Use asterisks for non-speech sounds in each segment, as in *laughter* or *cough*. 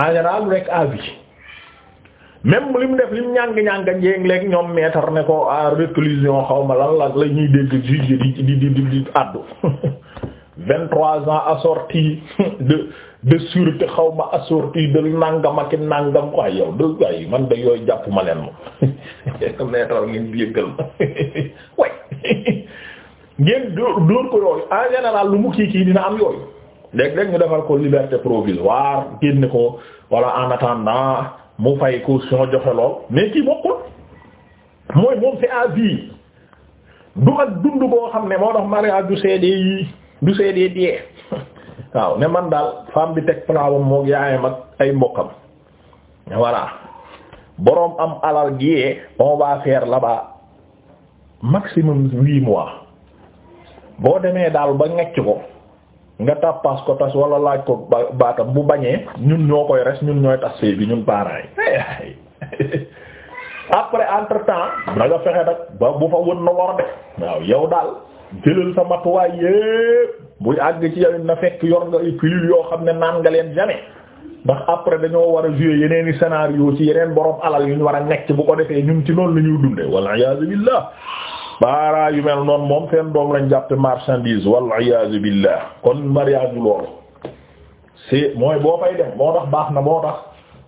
en général rek à vie même li mu def li mu ñàng-ñànga jéeg ñoom maître ne ko à ah, réclusion xaw ma lan la la ñuy dégg juge di di di di addu *laughs* vingt-trois ans assorti *laughs* de de sûreté xaw ma assorti de nangam ak nangam waaye yow de waaye man de yooyu jàpp leen moom *laughs* maître ngeen yëggal ma way ngeen dóor ko yooyu en général lu mu kii kii dina am yooyu léegi léeg ñu defal ko liberté provisoire génne ko wala en attendant mu fay caution joxe lool mais kii bokkul mooy moom c'est à du ak dund boo xam ne moo tax mariage du seede yi du seede die *laughs* waaw ne man daal femme bi teg plaawam moog yaayam ak ay mbokkam voilà boroom am alal gi on va faire là-bas maximum huit mois boo demee daal ba ngecc ko nga tàppaas ko tas wala laaj ko baatam bu bañee ñun ñoo koy res ñun ñooy tas sëy bi ñun parents yi *laughs* après entre temps na nga fexe nag ba bu fa wën na war a def waaw yow daal jëlal sa matuwaay yépp buy àgg ci yow na fekk yor nga pilule yoo xam ne naan nga leen jamais ndax après dañoo war a jouer yeneeni scénario ci yeneen borom alal yu ñu war a nekk bu ko defee ñun ci noonu la ñuy dunde walla iyaazu billah baara yu mel noonu moom seen doom lañ jàppe marchandise wal iyaazu billah kon mariage loolu c'est mooy boo fay moo tax baax na moo tax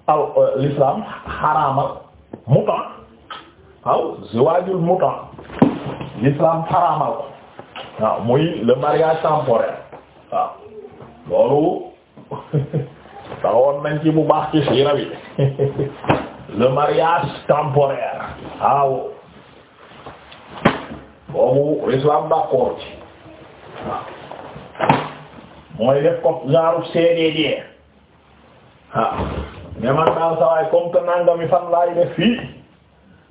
al euh, l'islam xaraamal muta waaw ziwaajul muta l'islam xaraamal waaw muy le mariage temporaire waaw loolu *laughs* taxawoon nañ ci bu baax ci siira bi *laughs* le mariage temporaire waaw boobu l'islam d'accord ci waaw mooy def ko genre CDD ah mais man daal saa waay comme que nangami fan laay def fii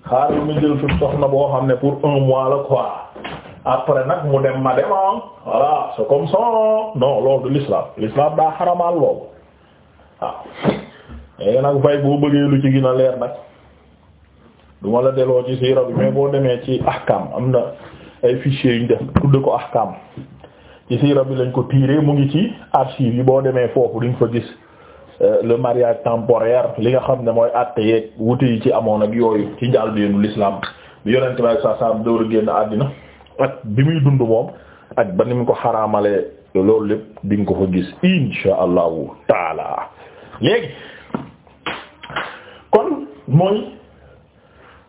xaaral ma jël fi soxna boo xam ne pour un mois la quoi après nag mu dem ma dem ah voilà comme ça non loolu du l'islam l'islam daa xaramaal loolu waaw léegi nag fay boo bëggee lu ci gën leer nag. du ma la delloo ci siira bi mais boo demee ci ahkam am na ay fichiers yu ñu def tudd ko ahkam ci siira bi lañ ko tiiree mu ngi ci archive yi boo demee foofu duñ fa gis euh, le mariage temporaire li nga xam ne mooy àtte yeeg wute yi ci amoon ak yooyu ci njàlbéenu l'islam bi yonent bi saa saa mu door a génn àddina ak bi muy dund moom ak ba ni mu ko xaraamalee loolu lépp di nga ko fa gis insha allahu taala léegi kon mooy.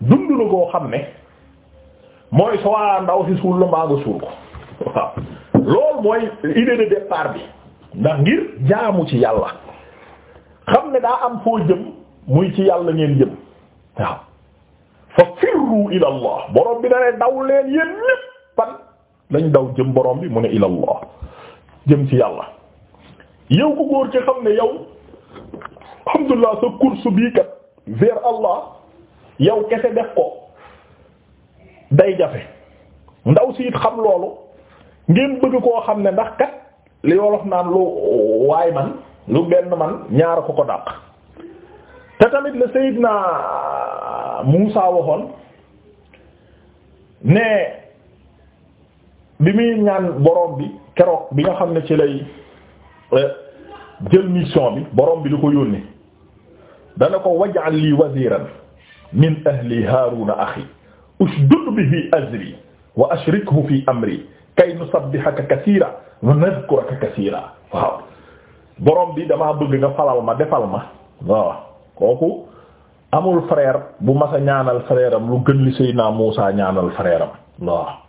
dund na koo xam ne mooy soo ndaw si suul la maa nga suul ko waaw loolu mooy idée de départ bi ndax ngir jaamu ci yàlla xam ne daa am foo jëm muy ci yàlla ngeen jëm waaw fa firru ila allah borom bi da ne daw leen yéen lépp pan lañ daw jëm borom bi mu ne ila allah jëm ci yàlla yow ku góor ci xam ne yow alhamdulillah sa course bii kat vers allah yow kese def ko day jafe ndaw si xam loolu ngeen bëgg koo xam ne ndax kat li wolof naan lu waay man lu benn man ñaar ko ko dàq te tamit la naa Muusa waxoon ne bi muy ñaan borom bi keroog bi nga xam ne ci lay eh, jël mission bi borom bi lu ko yónnee dana ko waj'al lii waziran min ahli haaruna axi ushdud bihi azri wa ashrikhu fi amri kay nusabbihaka kasiira wa nadhkuraka kasiira waaw borom bi damaa bëgg nga falal ma defal ma waaw kooku amul frère bu mas a ñaanal frère am lu gën li Seydina Muusaa ñaanal frère waaw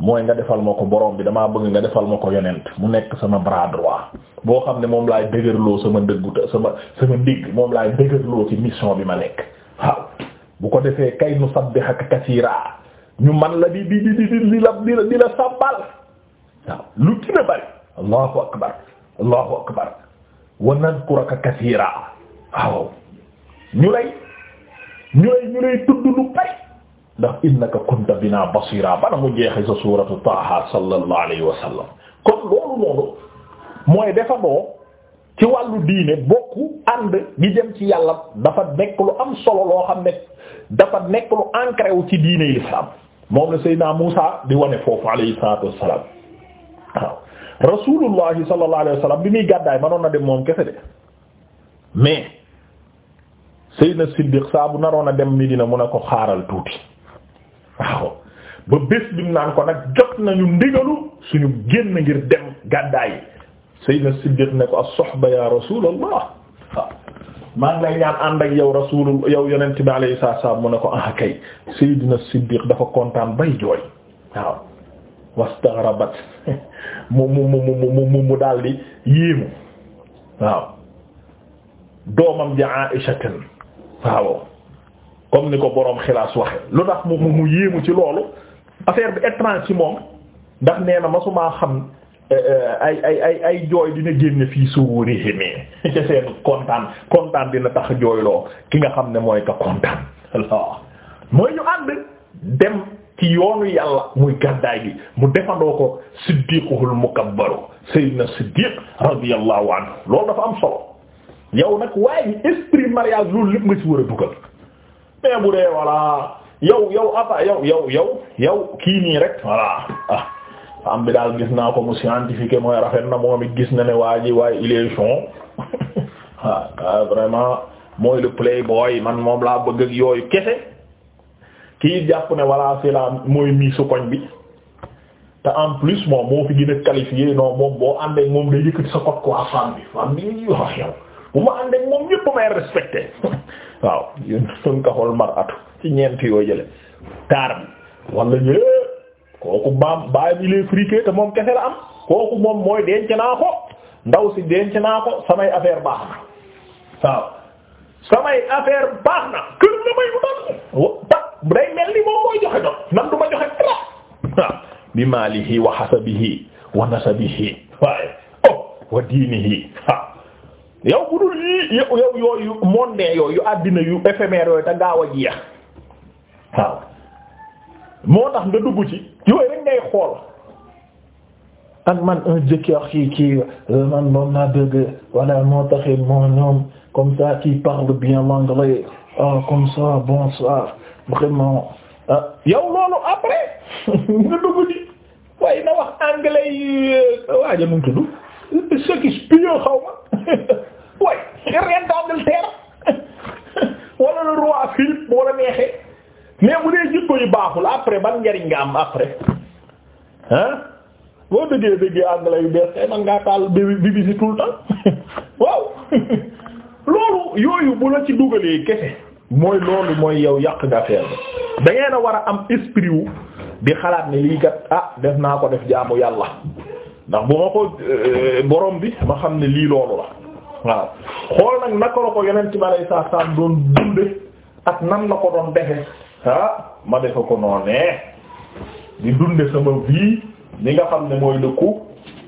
mooy nga defal ma ko borom bi damaa bëgg nga defal ma ko yonent mu nekk sama bras droit boo xam ne moom laay dëgërloo sama ndëggu sama sama ndigg moom laay dëgërloo ci mission bi ma nekk waaw bu ko defee kay nu sabbihaka kasiira ñu man la di di di di la di lu dina bari allahu akbar allahu akbar wa nadhkuraka kasiira waaw ñu lay ñu lu bari ndax innaka kunta bina basira bana mu jeexe sa suratu taaha sallallahu alayhi wa sallam kon loolu loolu mooy defandoo ci wàllu diine bokku ànd gi jëm ci yàlla dafa nekk lu am solo loo xam ne dafa nekk lu ancré wu ci diine l'islam moom la Seydina Muusa di wone foofu alayhi salaatu wassalaam waaw rasulullahi sallallahu alayhi wasallam bi muy gàddaay manoon na dem moom kese de mais Seydina Siddiq saabu bu naroon a dem Medina mun a ko xaaral tuuti waaw ba bés bi naan ko nag jot nañu ndigalu suñu génn ngir dem gàddaay Seydina Siddiq ne ko as-suhba ya rasulallah maa ngi ñaan ànd ak yow rasulul yow yonent bi alayhi salaam mu ne ko ah kay Seydina Siddiq dafa kontaan bay jooy waaw wastaghrabat *laughs* mu mu mu mu mu mu daal di yéemu waaw doomam ja Aisha tan waaw comme ni ko boroom xilaas waxe lu tax mu mu yéemu ci loolu affaire bi étrange ci moom ndax nee na masumaa xam. Euh, ay ay ay ay jooy dina génne fii sururihim *laughs* ca seen kontaan kontaan dina tax jooyloo ki nga xam ne mooy ka kontaan waaw mooy ñu ànd dem ci yoonu yàlla muy gàddaay gi mu defandoo ko siddiquhul mukabbaru sayyidina siddiq radiyallahu anhu loolu dafa am solo yow nag waaye esprit mariage loolu lépp nga ci war a dugal mais bu dee voilà yow yow apa yow yow yow yow kii nii rek voilà ah. am bi daal gis naa ko mu scientifique mooy rafet na moom it gis na ne waa ji waaye il est chon *laughs* waaw ah, ah, vraiment mooy le playboy man moom laa bëgg ak yooyu kese kii jàpp ne voilà c'est la mooy mii su koñ en plus moom moo fi a qualifié moom moom day yëkkati sa kot quoi femme bi femme bi wax yow bu ma àndee moom ñépp may respecté *laughs* waaw yéen suñ ko xool mar atu ci ñeent yoo jële taar bi wala ñëw kooku baam baayam friqué te moom kese la am kooku moom mooy denc naa ko ndaw si denc naa ko samay affaire baax na waaw samay affaire baax na kër la may utal ta day mel ni moom mooy joxe doon nan du joxe dara waaw bi maalihi wa hasabihi wa nasabihi waaye oh wa diinihi waaw yow bu dul yi yow yooyu monde yooyu yu àddina yu éphémère yooyu te gaaw a jeex waaw moo tax nga dugg ci yooyu rek ngay xool ak man un jëkkër kii kii euh, man moom naa bëgg voilà moo taxit qui parle bien l'anglais ah, comme ça bonsoir vraiment ah loolu après *laughs* nga dugg ci waaye na wax anglais yi euh, waa ja mu tudd ce qui spion xaw ma *laughs* waaye reine d'Angleterre *laughs* wala le roi Philippe moo la mais bu dee jikko yu baaxul après ban njariñ nga am après ah boo dëggee dëggee anglais yu bees kay man ngaa taal BBC tout le temps waaw loolu yooyu bu la ci dugalee kese mooy loolu mooy yow yàq nga affaire bi a war a am esprit wu xalaat ne lii kat ah def naa ko def jaamu yàlla ndax bu ma ko borom bi ma xam ne lii loolu la waaw xool nag naka la ko yeneen ci ma lay saa saa doon dunde ak nan la ko doon defe ah ma defe ko noonee di dunde sama vie li nga xam ne mooy dëkku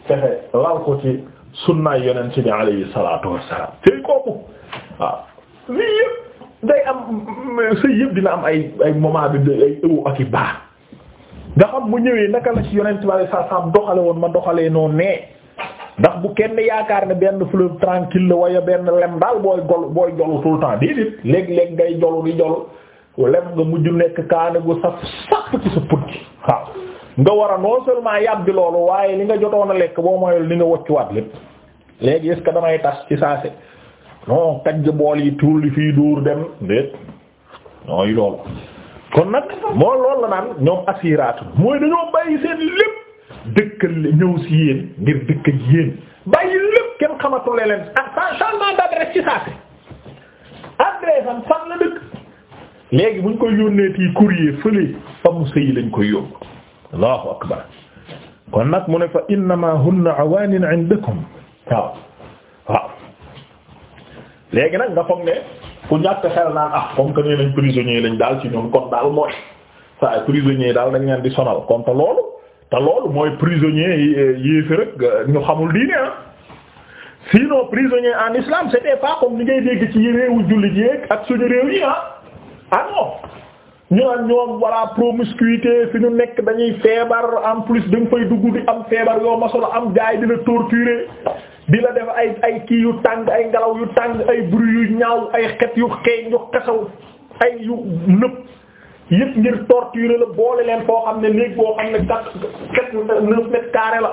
fexe lal ko ci sunnaay yonent bi alayhi salaatu wassalaam tey kooku waaw lii yëpp day am sëy yëpp dina am ay ay moment bi ay ëw ak i baax nga xam mu ñëwee naka la ci yonent bi alayhi salaatu wassalaam doxale woon ma doxalee noonee ndax bu kenn yaakaar ne benn fleuve tranquille la wala benn lem daal booy gol booy jolu tout le temps déedéet léeg-léeg ngay jolu di jolu lem nga mujj nekk kaana gu saf sàpp ci sa put gi waaw nga war a non seulement yàbbi loolu waaye li nga jotoon a lekk boo moyul li nga woccuwaat lépp léegi est-ce que damay tas ci yi tuur li fii duur dem déet nag moo loolu ñoom asiraatu mooy dañoo bàyyi seen lépp dëkkal ñëw si yéen ngir dëkk ak yéen bàyyi lépp kenn xamatule leen ah changement d'adresse ci saase adresse am fan la dëkk léegi bu ñu koy yónnee tii courrier fële fa mu sëyi lañ koy yóbbu allahu akbar kon nag mu ne fa innama hunna awaanin indakum waaw waaw léegi nag nga foog ne ku ñàkk xel naan ah comme que nee nañ prisonnier lañ daal ci ñoom kon daal mooy saa prisonnier daal dañ leen di sonal kon te loolu te loolu mooy prisonnier yi eh, fi rek eh, ñu xamul diine ah sinon prisonnier en islam c'était pas comme ni ngay dégg ci réewu jullit yi ak suñu réew yi ah ah ñu naan ñoom voilà promiscuité fi ñu nekk dañuy feebar en plus da nga fay dugg di am feebar yoo ma am gaay di la torturer di la def ay ay kii yu tàng ay ngelaw yu tàng ay bruit yu ñaaw ay xet yu xeeñ yu xesaw ay yu nëb yëpp ngir torturer la boole leen foo xam ne néeg boo xam ne quatre quatre neuf mètres carrés la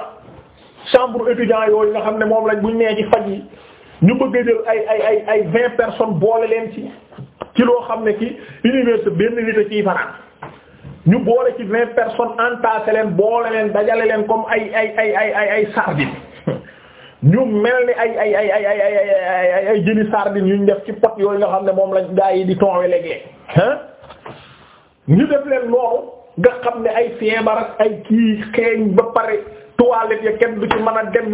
chambre étudiant yooyu nga xam ne moom lañ buñ nee ci faj yi ñu bëgg a ay ay ay ay vingt personnes boole leen ci. ci loo xam ne ci université benn nit a ciy ñu boole ci vingt personnes entassé leen boole leen dajale leen comme ay ay ay ay ay sardine ñu mel ni ay ay ay ay ay ay ay jëni sardine yuñ def ci pot yooyu nga xam ne moom lañ gaa yi di tonwe léeg ñu def leen ne ay feebar ak ay kii xeeñ ba pare toilette ya kenn du ci mën a dem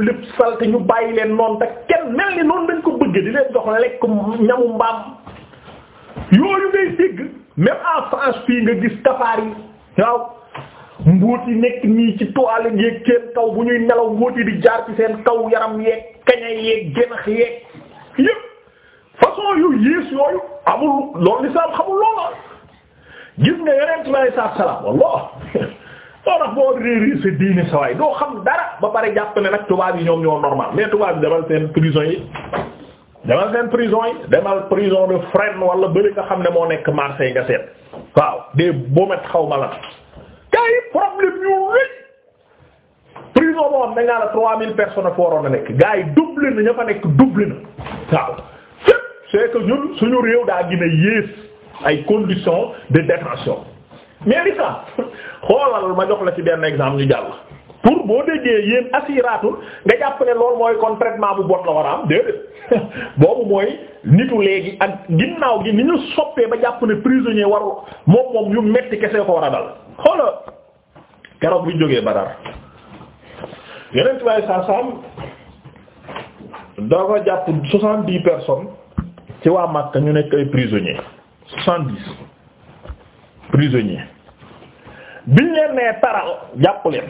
ñu bàyyi leen noonu te kenn mel ni di leen jox lekk ñamu mbaam yooyu ngay dégg même en fii nga gis tafaar yi waaw mbóot yi nekk nii ci toile yeeg kenn kaw bu ñuy nelaw mbóot yi di jaar ci seen kaw yaram yeeg kaña yeeg génax yeeg yëpp façon yu yées yooyu amul loolu lislaam xamul loola gis nga yeneen lay saa salaam wallah *laughs* moo tax boo réeré sa diine sa waay doo xam dara ba pare jàpp ne nag tubaab yi ñoom ñoo normal mais tubaab yi demal seen prison yi demal seen prison yi demal prison de Fresnes wala bëri nga xam ne moo nekk Marseille nga seet waaw des bomet xaw ma la kay problème ñu rëy prison boo xam ne la trois mille personnes ak waroon a nekk gars yi doublé na ña fa nekk doublé na waaw fépp c'est que ñun suñu réew daa gën a yées ay conditions de détention mais li *laughs* xoolal ma jox la ci benn exemple ñu jàll pour boo déggee yéen asiratul nga jàpp ne loolu mooy kon traitement bu bot la war a am déedéet *laughs* boobu mooy nitu léegi ak ginnaaw gi ni ñu soppee ba jàpp ne prisonnier waru moom moom yu metti kese ko war a dal xoola keroog bi jógee Badar yeneen tubaab yi saa saam dafa jàpp soixante dix personnes ci waa Makka ñu nekk ay prisonniers soixante biñ leen nee taral jàpp leen.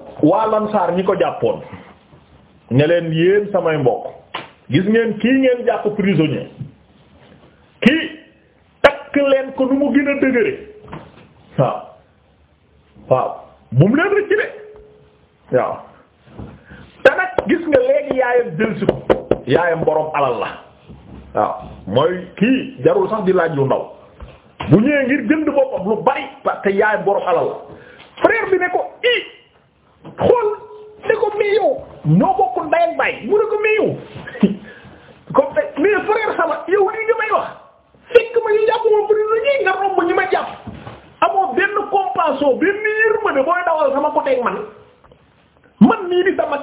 waa lansaar ñi ko jàppoon ne leen samay mbokk gis ngeen kii ngeen jàpp prisonnier kii takk leen ko nu mu gën a dëgëre waaw waaw bu mu leen rëcc de waaw te nag gis nga léegi yaayam jëlsi ko yaayam boroom alal la waaw mooy kii jarul sax di laaj lu ndaw bu ñëwee ngir jënd boppam lu bari parce que yaayam boroom alal la frère bi ne ko i xool ne ko mais yow ñoo bokk ndey ak mu ne ko mais yow *laughs* comme te mais sama yow lii ñu may wax fekk ma ñu jàpp moom bu ne la ñuy nga romb ñu ma jàpp amoo benn compassion benn yërmande booy dawal sama côté ak man man nii di sama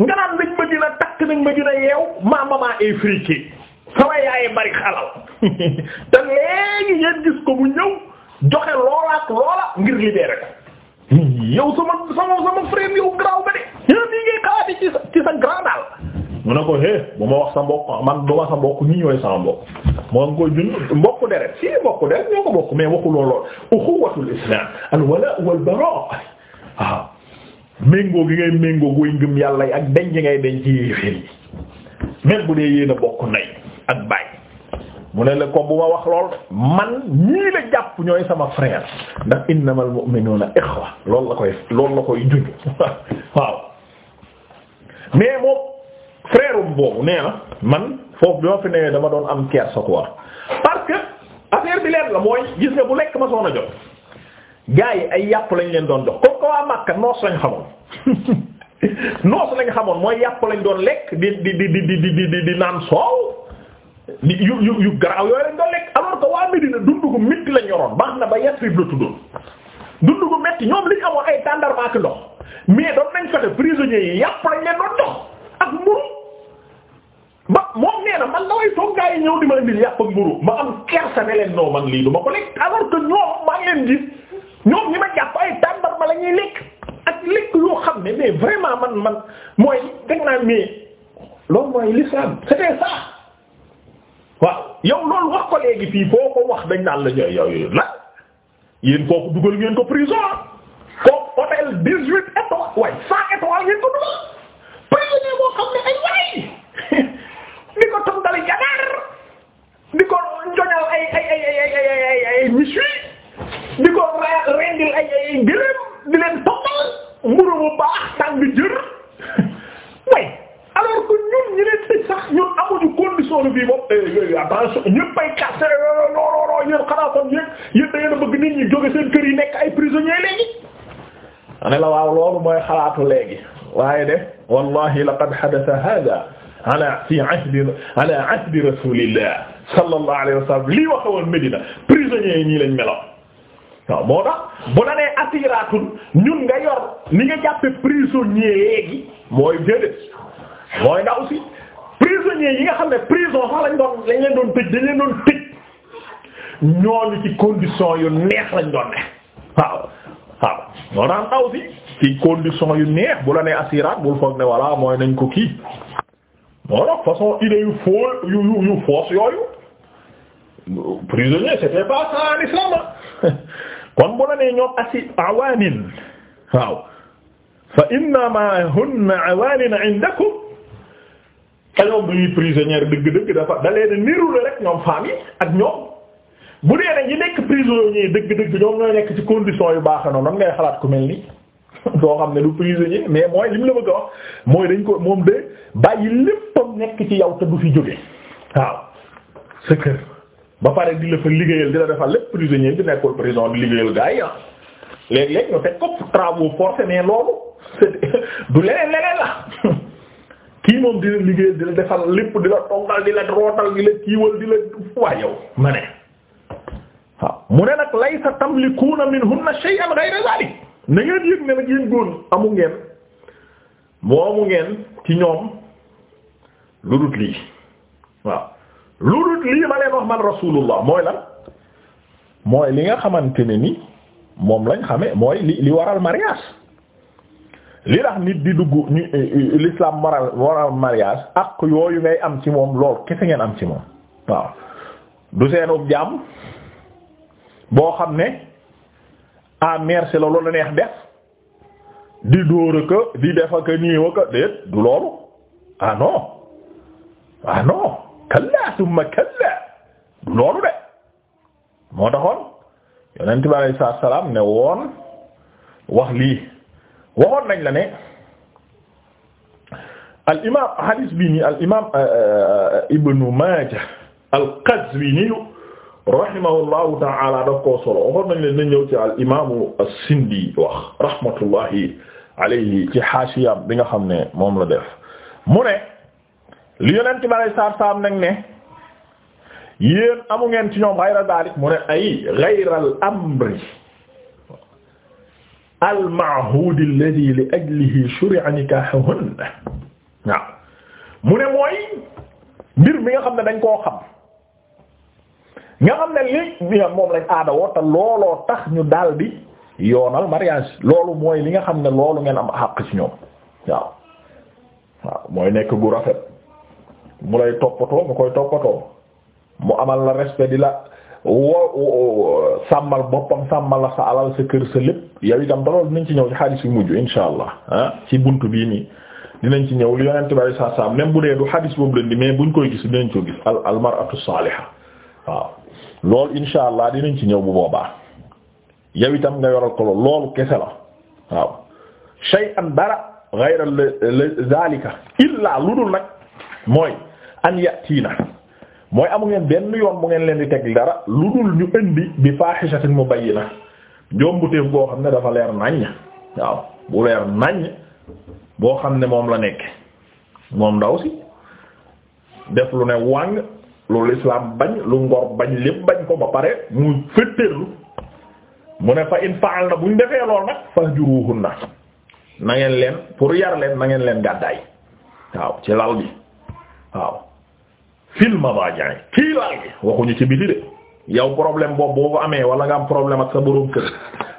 nga naan nañ ma dina takk nañ ma dina yeew ma maman afrique sama yaayee bari xalal *laughs* te léegi ngeen gis ko bu ñëw joxe loola loola ngir libéré ko yow sama sama sama frère yow graw ba de yow mii ngay xalaati ci sa ci daal mu ne ko eh bu ma wax sa mbokk man du ma sa mbokk ñi ñooy sama mbokk moo ngi koy jun mbokk deret si mbokk deret ñoo ko bokk mais waxu loolu uxuwatul islam al wala wal bara waaw ah, gi ngay méngoo goy ngëm yàlla yi ak denc ngay denc yéeféer yi même bu dee yéen a bokk nay ak bàyyi mu ne la ko bu ma wax lool man ñii la jàpp ñooy sama frère ndax innamal mu'minuna ikhwa lool la koy loolu la koy junj *laughs* waaw mais moom frère boobu nee na man foofu bi ma fi newee dama doon am kersa quoi parce que affaire bi leen la mooy gis nga bu lekk ma soon a jot gaa yi ay yàpp lañ leen doon jox comme ko waa Makka noos lañ xamoon *laughs* noos lañ xamoon mooy yàpp lañ doon lekk di di di di di di di naan soow yu yu yu garaaw yooyu lañ doon lekk alors que waa Medina dund gu métti lañ yoroon baax na ba Yasrib la tuddoon dund gu métti ñoom liñ amoon ay tàndarma ak ndox mais doon nañ fa te prisonniers yi ba moom nee ñëw du ma ko lekk alors que ñoom maa ngi leen gis ñoom ñi ma jàpp ay tàndarma la ñuy lekk ak lekk yoo xam ne mais vraiment man man mooy dégg naa mais loolu mooy l'islam c'était ça. waaw yow loolu wax ko léegi fii foo ko wax dañ naan la ñooy yow yow dugal ngeen ko prison kooku hôtel dix-huit étoiles waaye cent étoiles ngeen ko dugal prisonnier boo xam ne ay waay *laughs* di ko tënkale janaar di ko joñal ay di ko rendil ay di leen toppal mburu bu baax tàng jër. *laughs* loolu bii moom eh, attention ñëppay casse looloo yéen xanaa kon yéen yéen da ngeen a bëgg nit ñi jóge seen kër yi nekk ay prisonniers léegi. ma ne la waaw loolu mooy xalaatu léegi waaye de wallahi laqad hadatha hada ala fi ahdi ala ahdi rasulillah sallallahu alayhi wa sallam lii waxoon Medina prisonniers yi ñii lañ meloon waaw moo tax bu la nee attiraatul ñun nga yor ni nga jàppe prisonnier léegi mooy déedéet mooy ndaw si prisonniers yi nga xam ne prison sax lañ doon lañ leen doon tëj dañ leen doon tëj ñooñu ci condition yu neex lañ doon ne waaw waaw ñoo daan taw si ci condition yu neex bu la nee assurance bul foog ne voilà mooy nañ ko kii moo tax façon idée yu foo yu yu yu force yooyu prisonnier c'était pas ça en islam *laughs* kon bu la nee ñoom assi awaanin waaw fa innama hunna awaanin indakum te ñoom bu ñuy dëgg-dëgg dafa da leen niru la rek ñoom femmes yi ak ñoom bu dee ne ñi nekk prisonnier dëgg-dëgg ñoom ñooy nekk ci condition yu baax noonu nan ngay xalaat ku mel ni *laughs* doo xam ne du prisonnier mais mooy li la bëgg a mooy dañ ko moom de bàyyi léppam nekk ci yow te du fi jóge waaw sa kër ba pare di la fa liggéeyal di la defal lépp prisonnier bi nekkul prison di liggéeyal gars yi ah léeg ñu teg ko travaux forcés mais loolu du leneen *laughs* kii moom dina liggéey dina defal lépp di la tongal di la rootal di kiiwal di la waaye yow ma waaw mu ne nag laysa tamlikuuna minhunna shay'an ghayra zalik na ngeen yëg ne nag yéen góor amu ngeen moomu ngeen ci ñoom lu dut lii waaw lu dut ma leen wax man rasulullah mooy lan mooy li nga xamante ne ni moom lañ xame mooy li li waral mariage li tax nit di dugg ñu eh, eh, l'islam moral moral ak yooyu ngay am ci moom lool kese ngeen am ci moom waaw du seenub jaam boo xam ne à ah, merci la loolu neex def di dóor a di def ak nii wa déet du loolu ah non ah non du loolu de moo taxoon yonent bi alayhi salaam ne woon wax lii. waxoon nañ la ne al imaam hadis bii nii al imaam euh, euh, Ibn Maaja al Qazwiini rahimahullahu ta'ala daf koo solo waxoon nañ la dina ñëw ci al imaamu as-Sindi wax rahmatullahi bi nga xam ne moom la def mu ne li yonent bi ngeen ci ñoom ghayra ay ghayra al al-ma'hud alladhi li ajlihi shuri'a nikahuhunna waaw mu ne mooy mbir mi nga xam ne dañ koo xam nga xam ne li moom lañ aada woote looloo tax ñu daldi yoonal mariage loolu mooy li nga xam ne loolu ngeen am àq ci ñoom waaw waaw mooy nekk gu rafet mu lay toppatoo nga koy toppatoo mu amal la respect di la. wo sàmmal boppam sàmmal la sa alal sa kër sa lépp yow itam te loolu dinañ ci ñëw ci xadiis yu mujj insha allah ah ci bunt bii nii dinañ ci ñëw li yonent bari saa saa bu dee du xadiis boobu leen di mais buñ koy gis dinañ ko gis al al mar'atu saaliha waaw loolu insha allah dinañ ci ñëw bu boobaa yow itam nga yoral ko loolu kese la waaw shay'an dara ghayra zalika illa lu dul nag mooy an yatiina mooy amu ngeen benn yoon mu ngeen leen di teg dara lu dul ñu indi bi faahishatin la njombuteef boo xam ne dafa leer naññ waaw bu leer naññ boo xam ne moom la nekk moom ndaw si def lu ne wàng loolu islam bañ lu ngor bañ lépp bañ ko ba pare mu fëttërlu mu ne fa in faal na buñ defee lool nag fahjuruhunna na ngeen leen pour yar leen nangeen leen gàddaay waaw ci lal bi waaw fil madaaji kii laal gi waxuñu ci biti de yow problème boobu boo ko amee wala nga am problème ak sa borom kër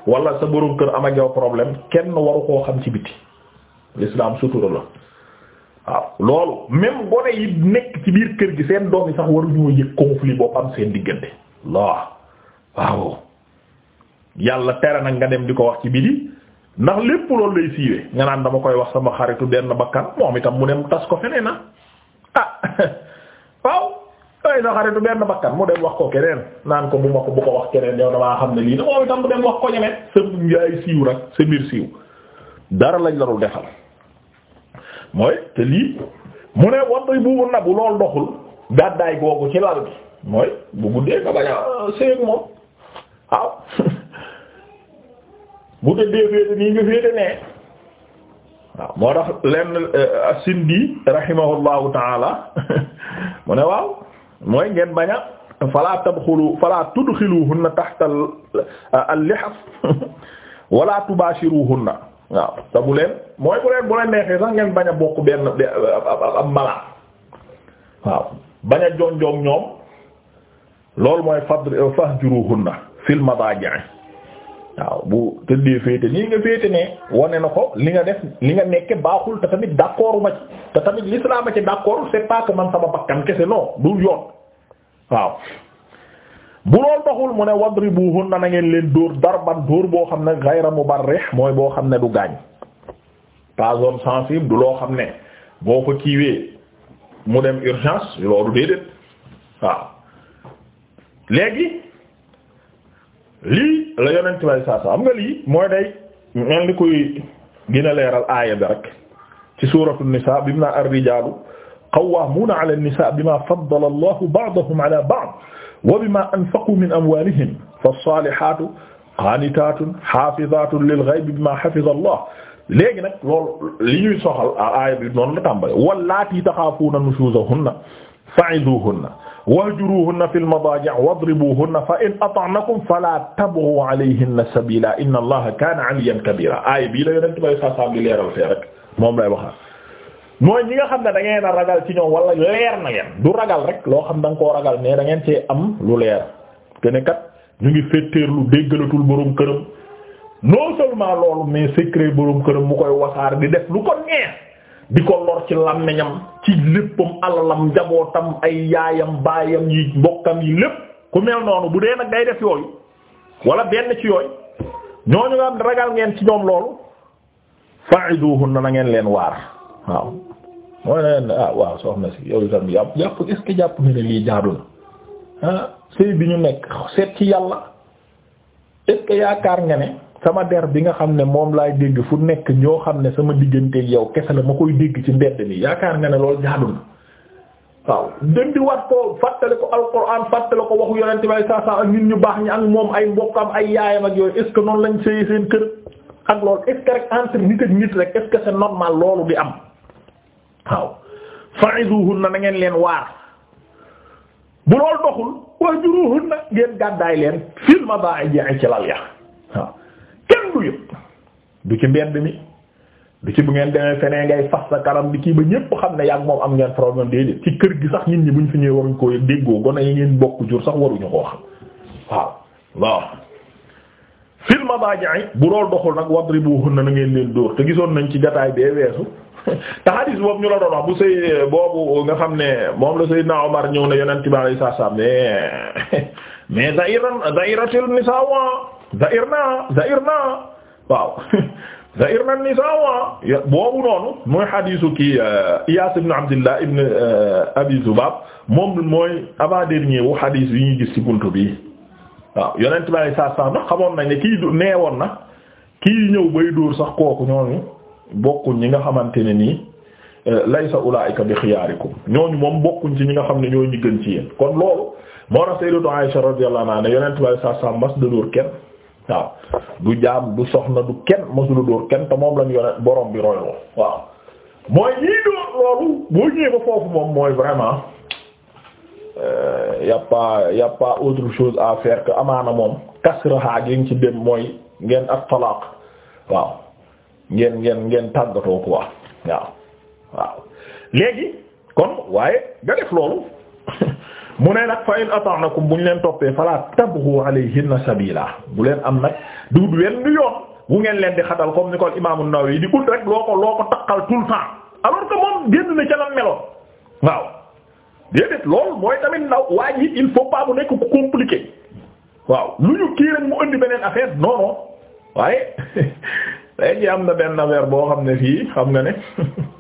wala sa borom kër am ak yow problème kenn waru koo xam ci biti l'islam sutura la waaw nekk ci biir kër gi seen doom yi sax am seen diggante la waaw yàlla tere nag nga dem di ko wax ci biti ndax lépp loolu lay siiwee nga naan dama koy wax sama xaritu denn bakkan moom itam mu dem tas ko feneen ah *laughs* waaw ay na xaritu benn bakkan mu dem wax ko keneen naan ko bu ma ko bu ko wax keneen yow damaa xam ne lii da moom itam mu dem wax ko ñemeen sa yaay siiw rek sa mbir siiw dara lañ la dul defal mooy te mu ne wantuy buubu nabu loolu doxul gàddaay googu ci lal bi mooy bu guddee nga bañ a euh, séeg moom waaw *laughs* bu te dee féete nii nga féete nee waaw moo tax lenn euh, Sindi rahimahullahu taala *laughs* mu ne waaw mooy ngeen bañ a fala tabxulu fala tudxiluhunna taxta al euh, lihaf *laughs* wala tubashiruhunna waaw te leen mooy bu leen bu leen neexee sax ngeen bañ a bokk benn waaw bañ a ñoom loolu mooy fad fahjuruhunna fil madaji' waaw bu tëddee féete nii nga féete ne wone na ko li nga def li nga nekke baaxul te tamit d'accord ma ci te tamit l'islam ma ci d'accord c'est pas que man sama bakkan kese non du yoon waaw bu loolu doxul mu ne wadribuhunna na ngeen leen dóor darban dóor boo xam ne ghayra mubarrih mooy boo xam ne du gaañ pas zone sensible du loo xam ne boo ko kiiwee mu dem urgence loolu déedéet waaw léegi lii la yonent bay saa saa am nga lii mooy day mel ni kuy gën a leeral aaya bi rek ci suuratu nisaa bi mu naa ar-rijaalu qawwaamuuna ala an-nisaa bimaa faddala Allahu ba'dahum ala ba'd wa bimaa anfaquu min amwaalihim fas-saalihaatu qaanitaatun haafizaatun lil-ghaybi bimaa hafiza Allah léegi nag loolu li ñuy soxal aaya bi noonu la tàmbale wallaati taxaafuuna nushuuzahunna fa'iduhunna wahjuruhunna fil madaaji' wadribuhunna fa in ata'nakum fala tabghu alayhinna sabila inna allaha kaana 'aliyyan kabira aaya bii la yonent bay saasaam di leeral fee rek moom lay waxaat mooy ñi nga xam ne da ngeen a ragal ci ñoom wala leer na ngeen du ragal rek loo xam da nga koo ragal mais da ngeen cee am lu leer kene kat ñu ngi féttéerlu déggalatul boroom këram non seulement loolu mais secret boroom këram mu koy wasaar di def lu ko neex di ko lor ci làmmiñam ci léppam alalam njabootam ay yaayam baayam yi mbokkam yi lépp ku mel noonu bu dee nag day def yooyu wala benn ci yooyu ñooñu nga ragal ngeen ci ñoom loolu fa'iduhunna na ngeen leen waar waaw mooy na leen ah waaw soxna si yow itam yàpp yàpp est jàpp nga ne lii jaadu na ah sëy bi ñu nekk seet ci yàlla est yaakaar nga ne sama der bi nga xam ne moom laay dégg fu nekk ñoo xam ne sama digganteeg yow kese la ma koy dégg ci mbedd mi yaakaar nga ne loolu jaadul waaw dëndi wat ko fàttale ko alquran fàttale ko waxu yonente bi saa saa ak ñun ñu baax ñi ak moom ay mbokkam ay yaayam ak yooyu est lañ loolu est-ce que rek ak nit rek est-ce loolu di am waaw na ngeen leen waar bu loolu doxul wahjuruhunna ngeen leen fil madaaji ci lal ya waaw ko yëg du ci mbedd mi du ci bu ngeen demee feneen ngay fas sa karam di kii ba ñépp xam ne yàgg moom am ngeen problème déedéet ci kër gi sax nit ñi buñ fi ñëwee waruñ koo déggoo gone yi ngeen bokk jur sax waruñu koo xam waaw waaw fil madaaji bu loolu doxul nag wadribuhunna na ngeen leen dóor te gisoon nañ ci gataay bee weesu *laughs* te xadis boobu ñu la doon wax bu sëy boobu nga xam ne moom la Seydina Omar ñëw ne yonent bi alayhi salaam mais *laughs* mais za'iran za'iratul nisaa za'irna za'irna waaw *laughs* za'irna nisaa boobu noonu mooy hadiisu kii euh, Iyaas ibn Abdillah ibn euh, Abi Zubaab moom mooy avant dernier wu yi ñuy gis ci buntu bi waaw yonent bi saa saa ndax xamoon nañ ne kii neewoon na kii ñëw bay dóor sax kooku ñooñu bokkuñ ñi nga xamante ne nii euh, laysa ulaa'ika bi xiyaarikum ñooñu moom bokkuñ ci ñi nga xam ne ñoo ñu gën ci yéen kon loolu moo tax Sayyidatu Aisha radiyallahu anha yonent bi saa saa mas da dóor kenn. waaw du jaam du soxna du kenn mosula dóor kenn te moom lañu yore borom bi royloo waaw mooy ñii loolu boo ñëwee ba foofu moom mooy vraiment euh, y a pas y autre chose à faire que amaana moom kasraha gi ci dem mooy ngeen ak talaq waaw ngeen ngeen ngeen tàggatoo quoi waaw waaw léegi kon waaye nga def loolu mu ne nag fa in ata'nakum bu ñu leen toppee fala tabghu alayhinna sabila bu leen am nag du wenn yoon bu ngeen leen di xatal comme ni ko Imaam An-Nawawi di ut rek loo ko loo ko takkal tout le temps waaw. mooy tamit ndaw waa il faut pas mu nekk ku compliqué waaw lu ñu kii mu indi beneen affaire non non waaye *laughs* léegi am na benn affaire boo xam ne fii xam nga ne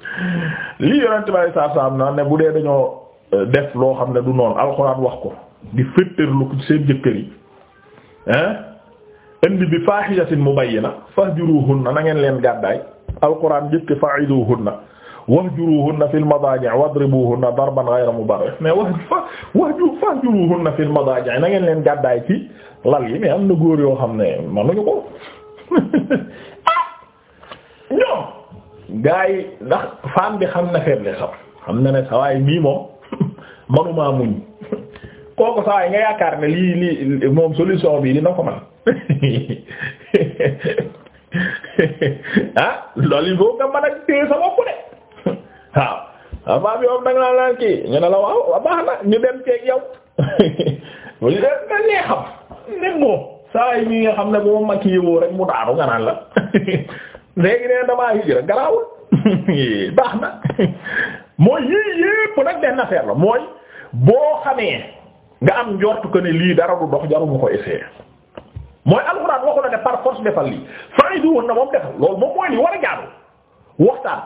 *laughs* lii yonent bi sallallahu alayhi wasallam ne bu dee dañoo. def loo xam ne du noon alxuraan wax ko di féttërlu ko seen jëkkër yi hein indi bi faahisatin mubayyina fahjuruhunna na ngeen leen gàddaay alxuraan jëkk fa'iduhunna wahjuruhunna fil madaaji' wadribuhunna darban ghayra mubarrih mais wax fa wahju fahjuruhunna fil madaaji' na ngeen leen gàddaay ci lal yi mais am na góor yoo xam ne manuñu ko *laughs* ah ñoom gaa ndax femme bi xam na faible xam xam na ne sawaay mii moom manuma muñ kooku saa yi nga yaakaar ne lii lii moom solution bi dina man ah loolu il nga mën a sa bopp de waaw avant bi moom nga naan kii ñu ne la waaw baax na ñu dem ceeg yow loolu *laughs* yëpp dañ lay xam nit moom saa yi mi nga ne bu ma màcc yowoo rek mu daaru nga naan la *laughs* léegi nee na damaa hijra *laughs* mooy yii yépp nag benn affaire la mooy boo xamee nga am njort que ne lii dara du dox jaru ko essayer mooy alxuraan waxu la ne par force defal lii fay woon na moom defal loolu moom mooy li war a jaaru waxtaan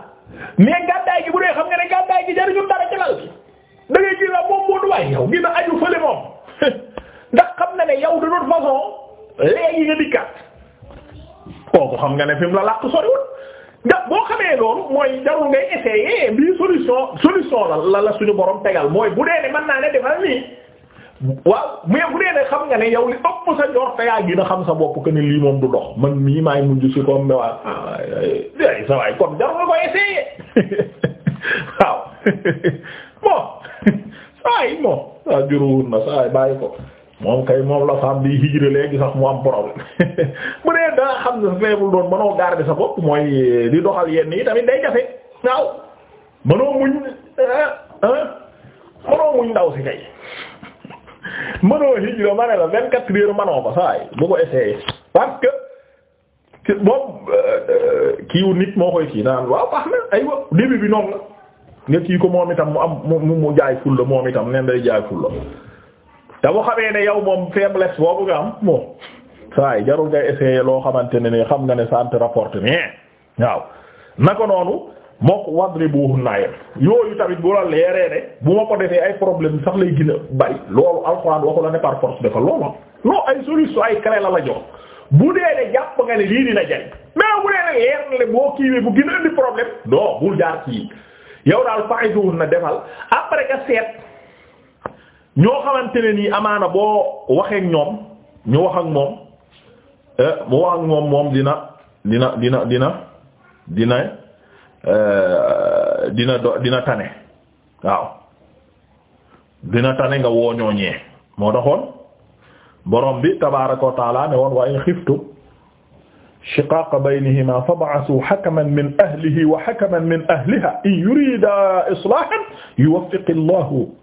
mais gàddaay gi bu dee xam nga ne gàddaay gi jariñu dara ci lal gi da ngay la moom moodu waay yow gina aju fële moom *laughs* ndax xam na ne yow de façon léegi nga dikkaat kooku xam nga ne fi la làq soriwul nga boo xamee loolu mooy jarul ngay essayer bii solution solution la la la suñu borom tegal mooy bu dee ne naa ne defal nii waaw mais bu dee xam nga ne yow li ëpp sa njort te yaa gën a xam sa bopp que ni lii moom du dox man mii maay mujj si comme waa ay sa waay kon jarul nga koy essayer *laughs* waaw *laughs* bon saa yi saa juróom na saa yi ko. moom kay moom la femme bi hijra léegi sax mu am problème bu dee daa xam ne feebul doon mënoo garder sa bopp mooy di doxal yenn yi tamit ah, ah. *laughs* ma ne la vingt quatre heures ko saay bu ko essayé parce euh, moo koy kii naan waaw baax na aywa début bi noonu la nga kii ko moom itam mu am mu mu jaay ful moom itam nen day jaay ful te bu xamee ne yow moom faiblesse boobu nga am moom saa yi jarul ngay essayer loo xamante ne ni xam nga ne sa sant rapporte mais waaw naka noonu moo ko wadribuhunna yooyu tamit bu la leeree ne bu ma ko defee ay problème sax lay gën a bari loolu alxuraan waxu la ne par force dafa loolu ah. non ay solution ay clé la la jox bu dee ne jàpp nga ne lii dina jariñ mais bu dee ne leer na le boo kiiwee bu gën a indi problème non bul jaar kii yow daal fa'iduhunna defal ñoo xamante ne nii amaana boo waxee ñoom ñu wax ak moom eh, mu moom moom dina dina dina dina dina eh, dina do dina tane waaw dina tane nga woo ñooñee moo taxoon borom bi tabaaraka wa taala ne xiftu shiqaaqa baynihima fab'asu hakaman min ahlihi wa hakaman in yurida islaahan yuwaffiqi Allahu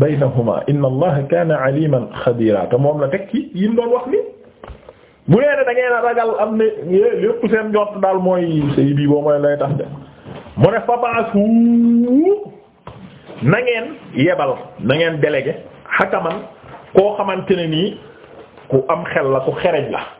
baynahuma inna allaha kaana aliman xabira te moom la teg ci yi mu doon wax ni bu nee ne da ngeen a ragal am ne lépp seen njort daal mooy sëy bii boo mooy lay tax de mu ne fabasu na ngeen yebal nangeen ngeen délégué xakaman koo xamante ne nii ku am xel la ku xereñ la